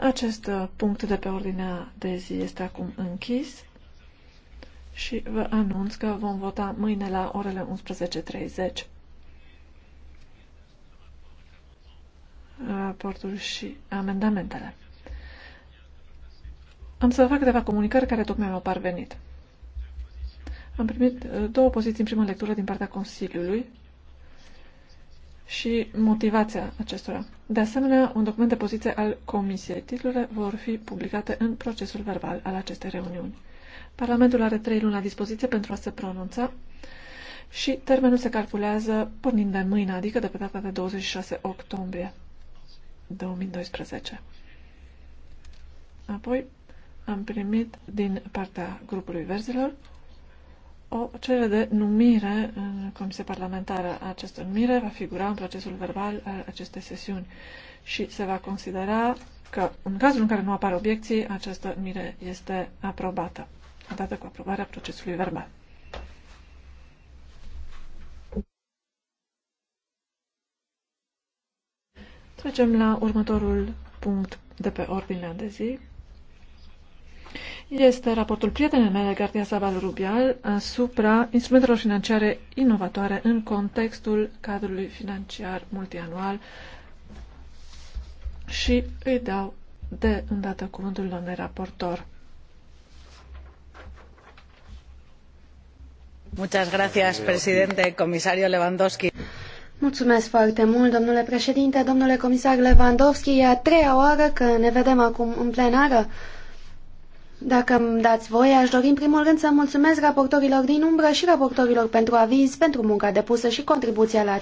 Acest uh, punct de pe ordinea de zi este acum închis și vă anunț că vom vota mâine la orele 11.30. Raportul și amendamentele. Am să vă fac câteva comunicări care tocmai mi-au parvenit. Am primit uh, două poziții în prima lectură din partea Consiliului și motivația acestora. De asemenea, un document de poziție al Comisiei. Titlurile vor fi publicate în procesul verbal al acestei reuniuni. Parlamentul are trei luni la dispoziție pentru a se pronunța și termenul se calculează pornind de mâine, adică de pe data de 26 octombrie 2012. Apoi am primit din partea grupului verzilor o cerere de numire în Comisia Parlamentară. Această numire va figura în procesul verbal al acestei sesiuni și se va considera că, în cazul în care nu apar obiecții, această numire este aprobată, odată cu aprobarea procesului verbal. Trecem la următorul punct de pe ordinea de zi, este raportul prietenei mele, Gardia Sabal Rubial, asupra instrumentelor financiare inovatoare în contextul cadrului financiar multianual și îi dau de îndată cuvântul doamnei raportor. Muchas gracias, presidente, comisario Lewandowski. Mulțumesc foarte mult, domnule președinte, domnule comisar Lewandowski. E a treia oară că ne vedem acum în plenară. Dacă îmi dați voie, aș dori în primul rând să mulțumesc raportorilor din umbră și raportorilor pentru aviz, pentru munca depusă și contribuția la